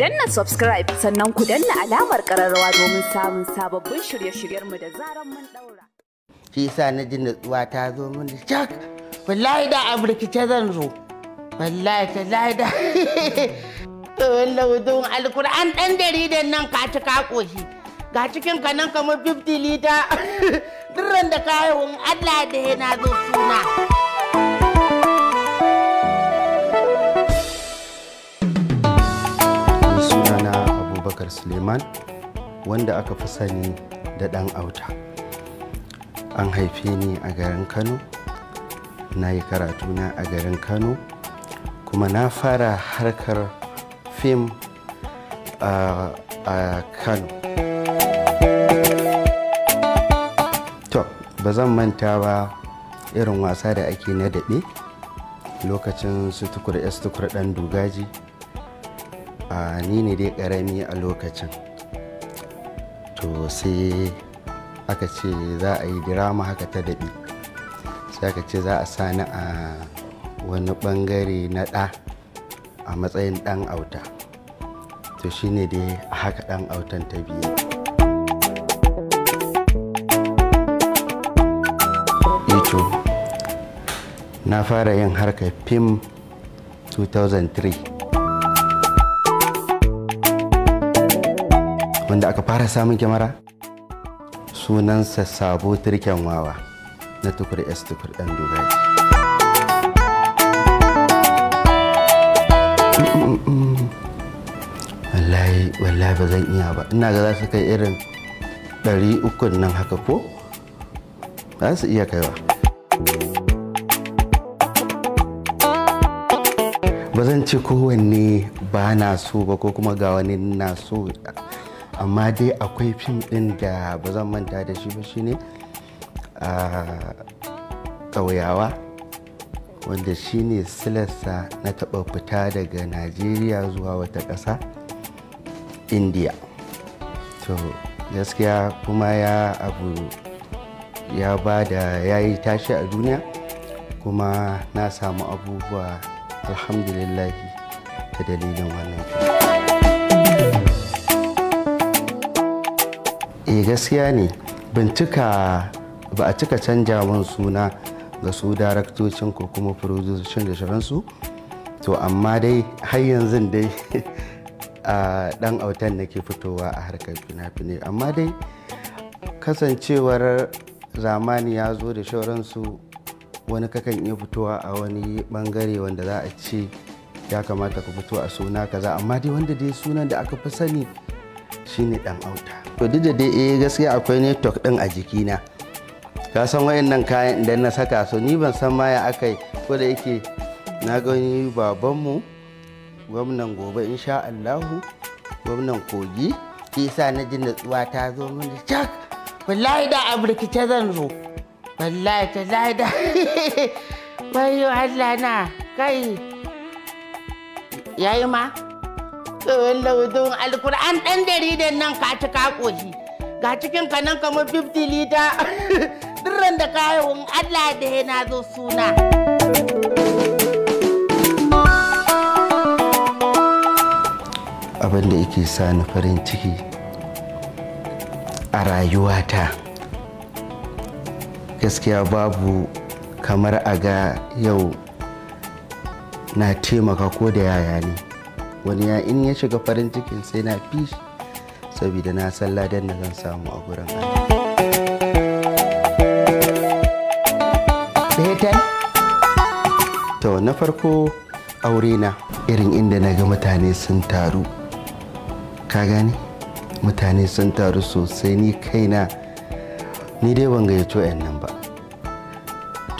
danna subscribe sannan ku danna alamar kararrawa domin samun sababbin shirye-shiryenmu da zaran mun daura. Shi sa na ji natsuwa ta zo mun da cak. Wallahi da ta zan zo. Wallahi ta da. To wannan wudun Alkur'an dan jaridan nan ka ci ka koshi. Ga cikin ka nan kamar 50 lita. Duran da kayan Allah da yana zo suna. abubakar suleiman wanda aka fi sani da ɗan auta an haife ni a garin kano na yi karatuna a garin kano kuma na fara harkar fim a kano to ba zan manta ba irin wasa da ake na daɗe lokacin su tukur tukur ɗan dugaji a ni ne dai karami a lokacin to sai aka ce za a yi dirama haka ta daɗi sai aka ce za a sani a wani ɓangare na ɗa a matsayin ɗan auta to shi ne dai haka ɗan autan ta biyu ito e na fara yin harkar fim 2003 wanda aka fara samun kyamara sunansa sabo turken wawa na tukur s tukur dan dogaji wallahi wallahi ba zan iya ba ina ga za su kai irin ɗari ukun nan haka ko za su iya kaiwa ba zan ci kowanne ba na so ba ko kuma ga wani na so amma dai akwai fim ɗin da ba zan manta da shi ba shine a ƙauyawa wanda shine silarsa na taɓa fita daga najeriya zuwa wata ƙasa indiya to gaskiya kuma ya abu ya ba da ya yi tashi a duniya kuma na samu abubuwa alhamdulillahi ta dalilin wannan fim. eh gaskiya ne ba a cika canja mun suna ga su daraktocin ko kuma furodusocin da shiransu to amma dai har yanzu dai a dan autan nake fitowa a harkar fina-finai amma dai kasancewar zamani ya zo da shauransu wani kakan iya fitowa a wani bangare wanda za a ce ya kamata ka fito a suna kaza amma dai wanda dai sunan da aka fi sani shine dan auta to duk da dai eh gaskiya akwai network din a jikina ka san wayannan kayan idan na saka su ni ban san ma ya akai ko da yake na gani babanmu gwamnan gobe insha Allahu gwamnan kogi isa na ji natsuwa ta zo mini chak wallahi da ta zan zo wallahi ta da bayo Allah na kai yayi ma tsohon laudun alkur'an ɗan jaridan nan ka ci ka ƙoshi ga cikin ka nan kamar 50 lita dirran da kayan allah da ya na zo suna abin da yake sa ni farin ciki a rayuwata gaskiya babu kamar a ga yau na taimaka ko da yaya ne wani ya in ya shiga farin cikin sai na fi shi saboda na san ladan na zan samu a gurin to na farko aure na irin inda na ga mutane sun taru ka gani. mutane sun taru sosai ni kaina ni dai ban gayyato yan nan ba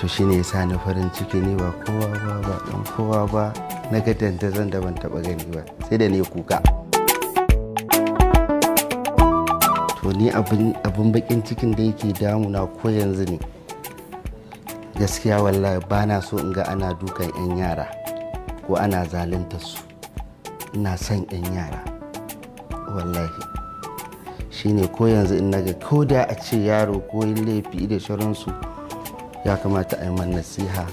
to shine yasa na farin ciki ne ba kowa ba ba dan kowa ba na ga dandazon da ban taɓa gani ba sai da ne kuka to ni abin bakin cikin da yake damuna ko yanzu ne gaskiya wallahi ba na so in ga ana dukan 'yan yara ko ana zalunta su ina son 'yan yara wallahi shine ko yanzu in naga ko da a ce yaro ko yin laifi da shirinsu ya kamata a yi nasiha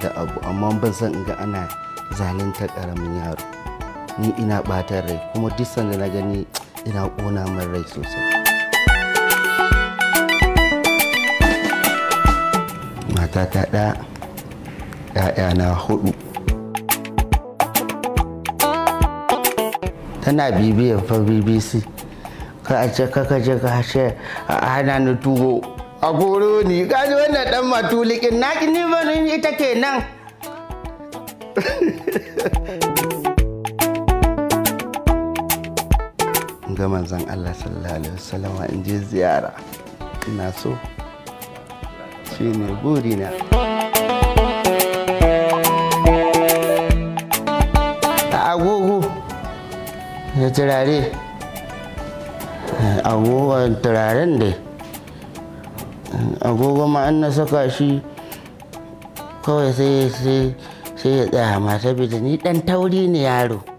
da abu amma ban san in ga ana zalunta karamin yaro ni ina ɓatar rai kuma duk sanda na gani ina ƙona min rai sosai matata ɗaya na hudu tana bibiyar fa bbc ka a ce kaka je ka hashe a hana tugo a goro ni kaji wannan dan matulikin na ni ba ita kenan ga manzan Allah sallallahu alaihi wasallam in je ziyara ina so shi ne burina ta agogo ya turare eh, agogon turaren da agogo ma an na saka shi kawai sai sai sai ya tsaya ma saboda ni dan tauri ne yaro